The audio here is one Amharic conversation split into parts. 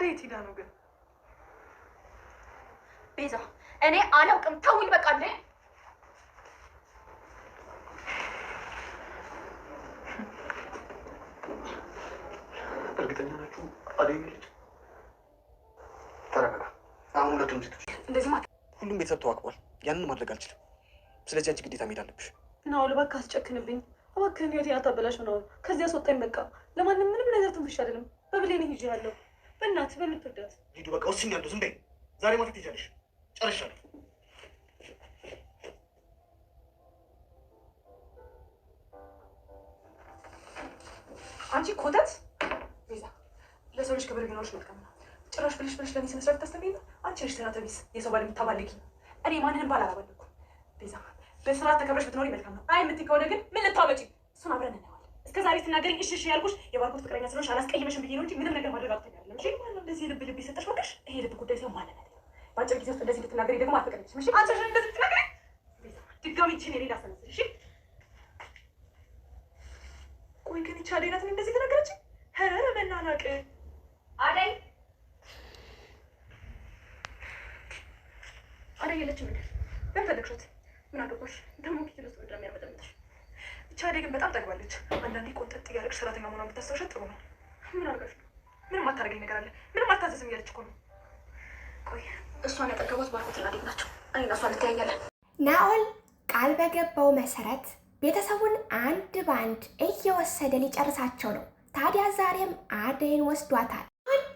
አደይት ሂዳ ነው ግን ቤዛ እኔ አላውቅም። ተውኝ በቃ። እንደ እርግጠኛ ናችሁ አደይ ልጅ? ተረጋጋ። አሁን ሁለቱም ሴቶች እንደዚህ ማለት ሁሉም ቤተሰብ ተዋቅቧል። ያንን ማድረግ አልችልም። ስለዚህ አንቺ ግዴታ መሄድ አለብሽ። ናውል በቃ አስጨክንብኝ እባክህን። ህይወቴን አታበላሽ ነው። ከዚህ አስወጣኝ በቃ። ለማንም ምንም ነገር ትንፍሽ አይደለም። በብሌን ሂጅ ያለው በእናት በምትወዳት ሂዱ። በቃ ወስኛለሁ። ዝም በይ። ዛሬ ማታ ትሄጃለሽ። ጨርሻለሁ። አንቺ ኮተት ቤዛ፣ ለሰው ልጅ ክብር ቢኖርሽ መልካም ነው። ጭራሽ ብልሽ ብልሽ ለኔ ስነ ስርዓት ታስተምሪኝ። አንቺ ልጅ ተናተ ቢስ የሰው ባል የምታባልቂ እኔ ማንንም ባል አላባልኩም። ቤዛ፣ በስርዓት ተከብረሽ ብትኖሪ መልካም ነው። አይ የምትይ ከሆነ ግን ምን ልታመጪ? እሱን አብረን እስከ ዛሬ ስናገረኝ እሺ እሺ ያልኩሽ የባርኮት ፍቅረኛ ስለሆንሽ አላስቀይመሽም ብዬ ነው እንጂ ምንም ነገር ማድረግ አልተኛለም። እሺ እንደዚህ ልብ ልብ ይሰጠሽ ወቅሽ ይሄ ልብ ጉዳይ ሲሆን ማለት ነው። በአጭር ጊዜ ውስጥ እንደዚህ ልትናገሪ ደግሞ አልፈቀደችም። እሺ አንቺ እንደዚህ ትናገሪ ድጋሚ እችን የሌላ ሰነስ እሺ። ቆይ ግን ይቻ ሌላት እንደዚህ ተናገረች። ኧረ መናናቅ አደይ አደይ የለችም። ምን ፈለግሽት? ምን አገባሽ ደግሞ ኪችሎስ ወደ ሚያመጠምጥሽ ይቺ አደይ ግን በጣም ጠግባለች። አንዳንዴ ቆንጠጥ እያለቅሽ ሰራተኛ መሆኗን ብታስታውሻት ጥሩ ነው። ምን አድርጋሽ ነው? ምንም አታደርገኝ ነገር አለ። ምንም አታዘዝም እያለች እኮ ነው። ቆይ እሷን ያጠገቧት ባርኮት አደይ ናቸው። እኔና እሷ እንተያያለን። ናኦል ቃል በገባው መሰረት ቤተሰቡን አንድ በአንድ እየወሰደ ሊጨርሳቸው ነው። ታዲያ ዛሬም አደይን ወስዷታል።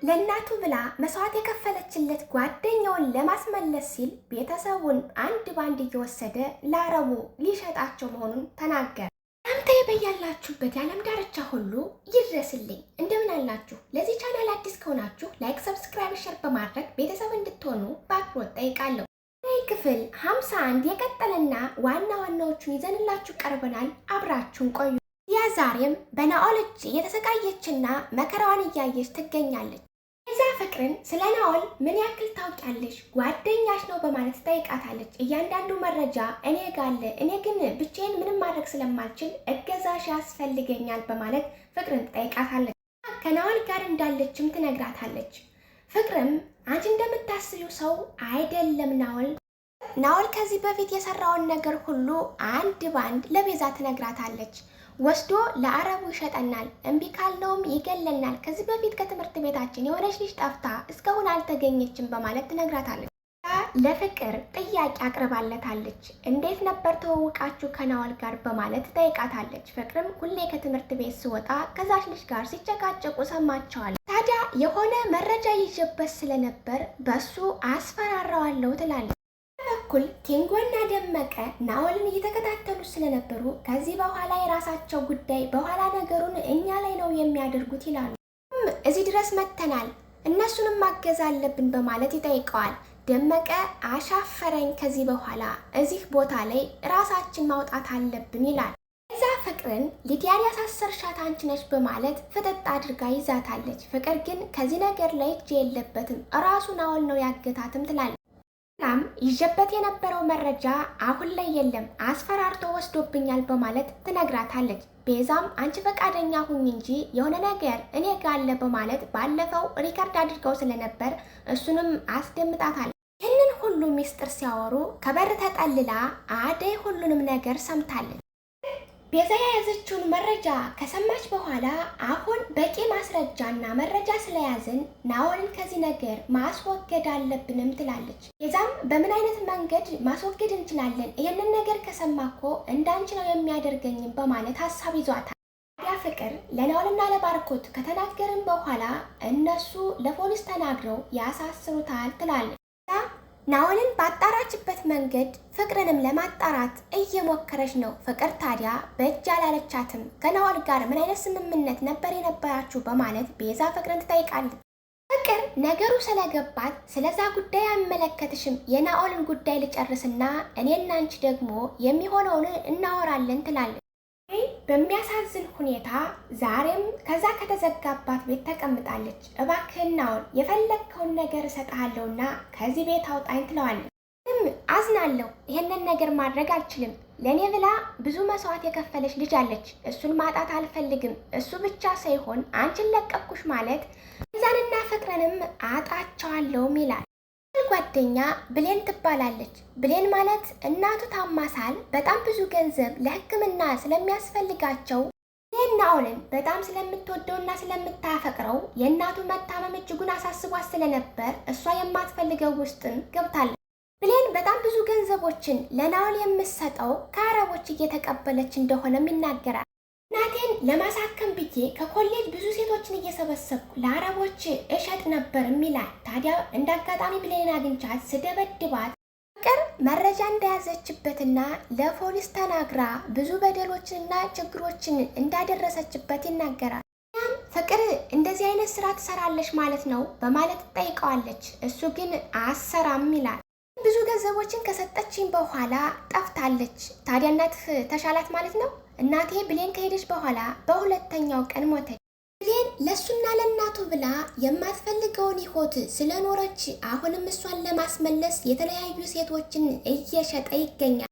ለእናቱ ብላ መስዋዕት የከፈለችለት ጓደኛውን ለማስመለስ ሲል ቤተሰቡን አንድ ባንድ እየወሰደ ለአረቡ ሊሸጣቸው መሆኑን ተናገረ። በያላችሁበት የዓለም ዳርቻ ሁሉ ይድረስልኝ። እንደምን አላችሁ? ለዚህ ቻናል አዲስ ከሆናችሁ ላይክ፣ ሰብስክራይብ፣ ሸር በማድረግ ቤተሰብ እንድትሆኑ በአክብሮት ጠይቃለሁ። ይህ ክፍል አንድ የቀጠለና ዋና ዋናዎቹን ይዘንላችሁ ቀርበናል። አብራችሁን ቆዩ። ያ ዛሬም በናኦል እጅ እየተሰቃየችና መከራዋን እያየች ትገኛለች። ፍቅርን ስለ ናኦል ምን ያክል ታውቂያለሽ? ጓደኛሽ ነው በማለት ጠይቃታለች። እያንዳንዱ መረጃ እኔ ጋለ እኔ ግን ብቻዬን ምንም ማድረግ ስለማልችል እገዛሽ ያስፈልገኛል በማለት ፍቅርን ጠይቃታለች። ከናኦል ጋር እንዳለችም ትነግራታለች። ፍቅርም አንቺ እንደምታስቢው ሰው አይደለም ናኦል ናኦል ከዚህ በፊት የሰራውን ነገር ሁሉ አንድ ባንድ ለቤዛ ትነግራታለች። ወስዶ ለአረቡ ይሸጠናል፣ እምቢ ካለውም ይገለናል። ከዚህ በፊት ከትምህርት ቤታችን የሆነች ልጅ ጠፍታ እስካሁን አልተገኘችም በማለት ትነግራታለች። ለፍቅር ጥያቄ አቅርባለታለች። እንዴት ነበር ተዋውቃችሁ ከናኦል ጋር በማለት ጠይቃታለች። ፍቅርም ሁሌ ከትምህርት ቤት ስወጣ ከዛች ልጅ ጋር ሲጨቃጨቁ ሰማቸዋል። ታዲያ የሆነ መረጃ ይዤበት ስለነበር በሱ አስፈራራዋለሁ ትላለች። በኩል ኪንጎና ደመቀ ናወልን እየተከታተሉ ስለነበሩ ከዚህ በኋላ የራሳቸው ጉዳይ በኋላ ነገሩን እኛ ላይ ነው የሚያደርጉት ይላሉ። እዚህ ድረስ መጥተናል፣ እነሱንም ማገዝ አለብን በማለት ይጠይቀዋል። ደመቀ አሻፈረኝ፣ ከዚህ በኋላ እዚህ ቦታ ላይ ራሳችን ማውጣት አለብን ይላል። እዛ ፍቅርን ሊዲያን ያሳሰርሻት አንቺ ነች በማለት ፍጥጥ አድርጋ ይዛታለች። ፍቅር ግን ከዚህ ነገር ላይ እጅ የለበትም ራሱ ናኦል ነው ያገታትም ትላለች። እናም ይዤበት የነበረው መረጃ አሁን ላይ የለም አስፈራርቶ ወስዶብኛል በማለት ትነግራታለች። ቤዛም አንቺ ፈቃደኛ ሁኝ እንጂ የሆነ ነገር እኔ ጋለ በማለት ባለፈው ሪከርድ አድርገው ስለነበር እሱንም አስደምጣታል። ይህንን ሁሉ ሚስጥር ሲያወሩ ከበር ተጠልላ አደይ ሁሉንም ነገር ሰምታለች። ቤዛ የያዘችውን መረጃ ከሰማች በኋላ አሁን በቂ ማስረጃና መረጃ ስለያዝን ናኦልን ከዚህ ነገር ማስወገድ አለብንም ትላለች። ቤዛም በምን አይነት መንገድ ማስወገድ እንችላለን? ይህንን ነገር ከሰማ እኮ እንዳንች ነው የሚያደርገኝም በማለት ሀሳብ ይዟታል። ታዲያ ፍቅር ለናኦልና ለባርኮት ከተናገርን በኋላ እነሱ ለፖሊስ ተናግረው ያሳስሩታል ትላለች። ናኦልን ባጣራችበት መንገድ ፍቅርንም ለማጣራት እየሞከረች ነው። ፍቅር ታዲያ በእጅ አላለቻትም። ከናኦል ጋር ምን አይነት ስምምነት ነበር የነበራችሁ በማለት ቤዛ ፍቅርን ትጠይቃለች። ፍቅር ነገሩ ስለገባት ስለዛ ጉዳይ አይመለከትሽም፣ የናኦልን ጉዳይ ልጨርስና እኔና አንቺ ደግሞ የሚሆነውን እናወራለን ትላለች። በሚያሳዝን ሁኔታ ዛሬም ከዛ ከተዘጋባት ቤት ተቀምጣለች። እባክህን ናኦል የፈለግከውን ነገር እሰጥሃለሁና ከዚህ ቤት አውጣኝ ትለዋለች። አዝናለሁ። ይህንን ነገር ማድረግ አልችልም። ለእኔ ብላ ብዙ መስዋዕት የከፈለች ልጅ አለች። እሱን ማጣት አልፈልግም። እሱ ብቻ ሳይሆን አንቺን ለቀኩሽ ማለት እዛንና ፍቅርንም አጣቸዋለሁም ይላል። ጓደኛ ብሌን ትባላለች። ብሌን ማለት እናቱ ታማሳል በጣም ብዙ ገንዘብ ለሕክምና ስለሚያስፈልጋቸው ናኦልን በጣም ስለምትወደውና ስለምታፈቅረው የእናቱ መታመም እጅጉን አሳስቧት ስለነበር እሷ የማትፈልገው ውስጥም ገብታለች። ብሌን በጣም ብዙ ገንዘቦችን ለናውል የምሰጠው ከአረቦች እየተቀበለች እንደሆነም ይናገራል። ናቴን ለማሳከም ብዬ ከኮሌጅ ብዙ ሴቶችን እየሰበሰብኩ ለአረቦች እሸጥ ነበር ይላል። ታዲያ እንዳጋጣሚ አጋጣሚ ብሌን አግኝቻት ስደበድባት ፍቅር መረጃ እንደያዘችበትና ለፖሊስ ተናግራ ብዙ በደሎችንና ችግሮችን እንዳደረሰችበት ይናገራል። ያም ፍቅር እንደዚህ አይነት ስራ ትሰራለች ማለት ነው በማለት ትጠይቀዋለች። እሱ ግን አሰራም ይላል። ብዙ ገንዘቦችን ከሰጠችኝ በኋላ ጠፍታለች። ታዲያ እናትህ ተሻላት ማለት ነው? እናቴ ብሌን ከሄደች በኋላ በሁለተኛው ቀን ሞተች። ብሌን ለእሱና ለእናቱ ብላ የማትፈልገውን ሕይወት ስለኖረች አሁንም እሷን ለማስመለስ የተለያዩ ሴቶችን እየሸጠ ይገኛል።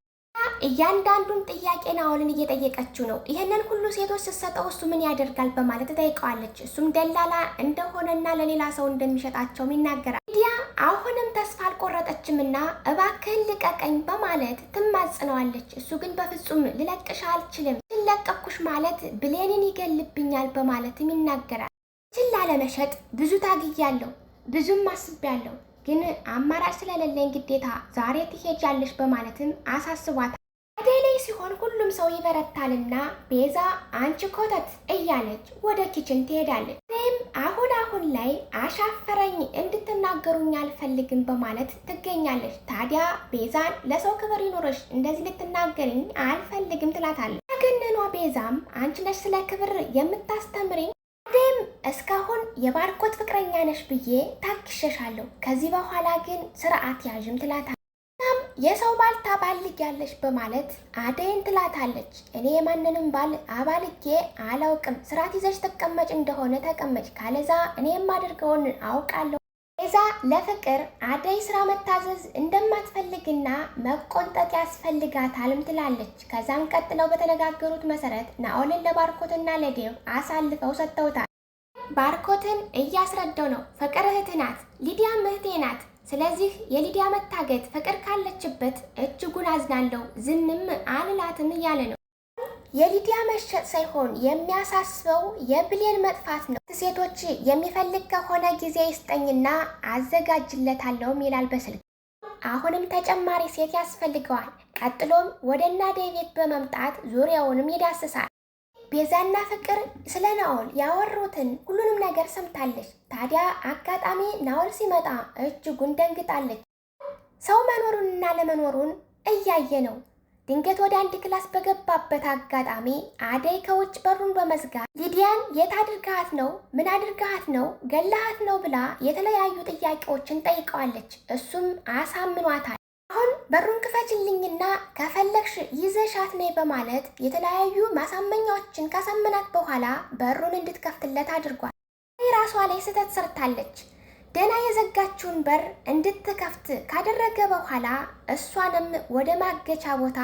እያንዳንዱን ጥያቄ ናኦልን እየጠየቀችው ነው። ይህንን ሁሉ ሴቶች ስትሰጠው እሱ ምን ያደርጋል በማለት ትጠይቀዋለች። እሱም ደላላ እንደሆነና ለሌላ ሰው እንደሚሸጣቸውም ይናገራል። አሁንም ተስፋ አልቆረጠችምና እባክህን ልቀቀኝ በማለት ትማጽነዋለች። እሱ ግን በፍጹም ልለቅሽ አልችልም፣ ለቀኩሽ ማለት ብሌንን ይገልብኛል በማለትም ይናገራል። ችላ ለመሸጥ ብዙ ታግያለሁ፣ ብዙም አስቤያለሁ፣ ግን አማራጭ ስለሌለኝ ግዴታ ዛሬ ትሄጃለሽ በማለትም አሳስቧታል። አደይ ሲሆን ሁሉም ሰው ይበረታልና ቤዛ አንቺ ኮተት እያለች ወደ ኪችን ትሄዳለች። ወይም አሁን ላይ አሻፈረኝ እንድትናገሩኝ አልፈልግም በማለት ትገኛለች። ታዲያ ቤዛን ለሰው ክብር ይኖረሽ እንደዚህ ልትናገርኝ አልፈልግም ትላታለች። ያገነኗ ቤዛም አንቺ ነሽ ስለ ክብር የምታስተምሪኝ ም እስካሁን የባርኮት ፍቅረኛ ነሽ ብዬ ታክሸሻለሁ። ከዚህ በኋላ ግን ስርዓት ያዥም ትላታለች። የሰው ባል ታባልጊያለሽ በማለት አደይን ትላታለች። እኔ የማንንም ባል አባልጌ አላውቅም፣ ስርዓት ይዘሽ ተቀመጭ እንደሆነ ተቀመጭ፣ ካለዛ እኔ የማደርገውን አውቃለሁ። ቤዛ ለፍቅር አደይ ስራ መታዘዝ እንደማትፈልግና መቆንጠጥ ያስፈልጋታልም ትላለች። ከዛም ቀጥለው በተነጋገሩት መሰረት ናኦልን ለባርኮትና ለዴቭ አሳልፈው ሰጥተውታል። ባርኮትን እያስረዳው ነው። ፍቅር እህት ናት፣ ሊዲያም እህቴ ናት ስለዚህ የሊዲያ መታገት ፍቅር ካለችበት እጅጉን አዝናለሁ፣ ዝንም አልላትም እያለ ነው። የሊዲያ መሸጥ ሳይሆን የሚያሳስበው የብሌን መጥፋት ነው። ሴቶች የሚፈልግ ከሆነ ጊዜ ይስጠኝና አዘጋጅለታለሁም ይላል በስልክ። አሁንም ተጨማሪ ሴት ያስፈልገዋል። ቀጥሎም ወደ እና በመምጣት ዙሪያውንም ይዳስሳል። ቤዛና ፍቅር ስለ ናኦል ያወሩትን ሁሉንም ነገር ሰምታለች። ታዲያ አጋጣሚ ናኦል ሲመጣ እጅጉን ደንግጣለች። ሰው መኖሩንና ለመኖሩን እያየ ነው። ድንገት ወደ አንድ ክላስ በገባበት አጋጣሚ አደይ ከውጭ በሩን በመዝጋት ሊዲያን የት አድርጋሃት ነው? ምን አድርጋሃት ነው? ገላሃት ነው ብላ የተለያዩ ጥያቄዎችን ጠይቀዋለች። እሱም አሳምኗታል። አሁን በሩን ክፈችልኝና ከፈለግሽ ይዘሻት ነይ በማለት የተለያዩ ማሳመኛዎችን ካሳመናት በኋላ በሩን እንድትከፍትለት አድርጓል። ራሷ ላይ ስህተት ሰርታለች። ደና የዘጋችውን በር እንድትከፍት ካደረገ በኋላ እሷንም ወደ ማገቻ ቦታ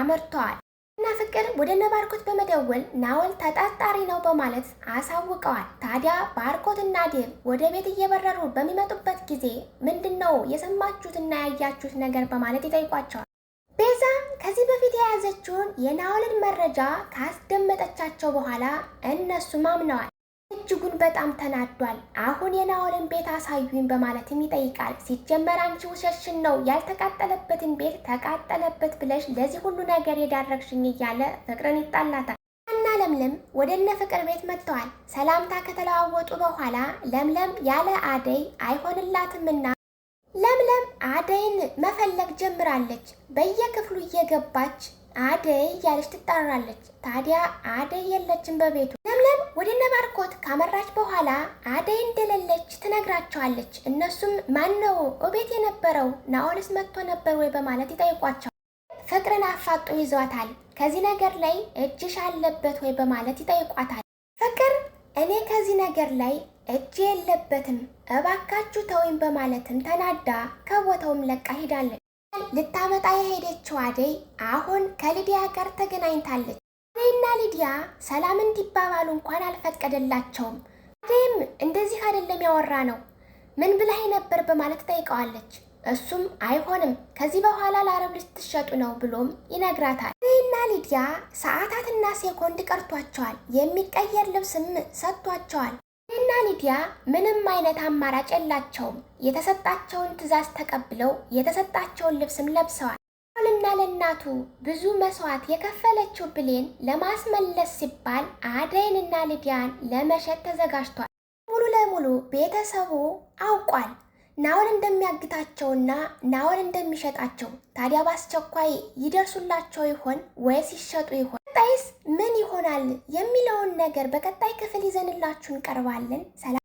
አመርተዋል። እና ፍቅር ወደ እነ ባርኮት በመደወል ናወል ተጠርጣሪ ነው በማለት አሳውቀዋል። ታዲያ ባርኮት እና ዴብ ወደ ቤት እየበረሩ በሚመጡበት ጊዜ ምንድን ነው የሰማችሁትና ያያችሁት ነገር በማለት ይጠይቋቸዋል። ቤዛ ከዚህ በፊት የያዘችውን የናወልን መረጃ ካስደመጠቻቸው በኋላ እነሱም አምነዋል። እጅጉን በጣም ተናዷል። አሁን የናኦልን ቤት አሳዩኝ በማለትም ይጠይቃል። ሲጀመር አንቺ ውሸሽን ነው ያልተቃጠለበትን ቤት ተቃጠለበት ብለሽ ለዚህ ሁሉ ነገር የዳረግሽኝ እያለ ፍቅርን ይጣላታል እና ለምለም ወደ እነ ፍቅር ቤት መጥተዋል። ሰላምታ ከተለዋወጡ በኋላ ለምለም ያለ አደይ አይሆንላትምና ለምለም አደይን መፈለግ ጀምራለች። በየክፍሉ እየገባች አደይ እያለች ትጣራለች። ታዲያ አደይ የለችም በቤቱ። ለምለም ወደ እነ ባርኮት ካመራች በኋላ አደይ እንደሌለች ትነግራቸዋለች። እነሱም ማን ነው እቤት የነበረው ናኦልስ መጥቶ ነበር ወይ በማለት ይጠይቋቸዋል። ፍቅርን አፋጦ ይዟታል። ከዚህ ነገር ላይ እጅሽ አለበት ወይ በማለት ይጠይቋታል። ፍቅር እኔ ከዚህ ነገር ላይ እጅ የለበትም እባካችሁ ተወኝ በማለትም ተናዳ ከቦታውም ለቃ ሂዳለች። ልታመጣ የሄደችው አደይ አሁን ከሊዲያ ጋር ተገናኝታለች። አደይና ሊዲያ ሰላም እንዲባባሉ እንኳን አልፈቀደላቸውም። አደይም እንደዚህ አይደለም ያወራ ነው ምን ብላኝ ነበር በማለት ጠይቀዋለች። እሱም አይሆንም ከዚህ በኋላ ለአረብ ልትሸጡ ነው ብሎም ይነግራታል። አደይና ሊዲያ ሰዓታትና ሴኮንድ ቀርቷቸዋል። የሚቀየር ልብስም ሰጥቷቸዋል። ሊዲያ ምንም አይነት አማራጭ የላቸውም። የተሰጣቸውን ትዕዛዝ ተቀብለው የተሰጣቸውን ልብስም ለብሰዋል። ና ለእናቱ ብዙ መስዋዕት የከፈለችው ብሌን ለማስመለስ ሲባል አደይንና ሊዲያን ለመሸጥ ተዘጋጅቷል። ሙሉ ለሙሉ ቤተሰቡ አውቋል ናኦል እንደሚያግታቸውና ናኦል እንደሚሸጣቸው። ታዲያ በአስቸኳይ ይደርሱላቸው ይሆን ወይስ ይሸጡ ይሆን? ቀጣይስ ምን ይሆናል የሚለውን ነገር በቀጣይ ክፍል ይዘንላችሁ እንቀርባለን።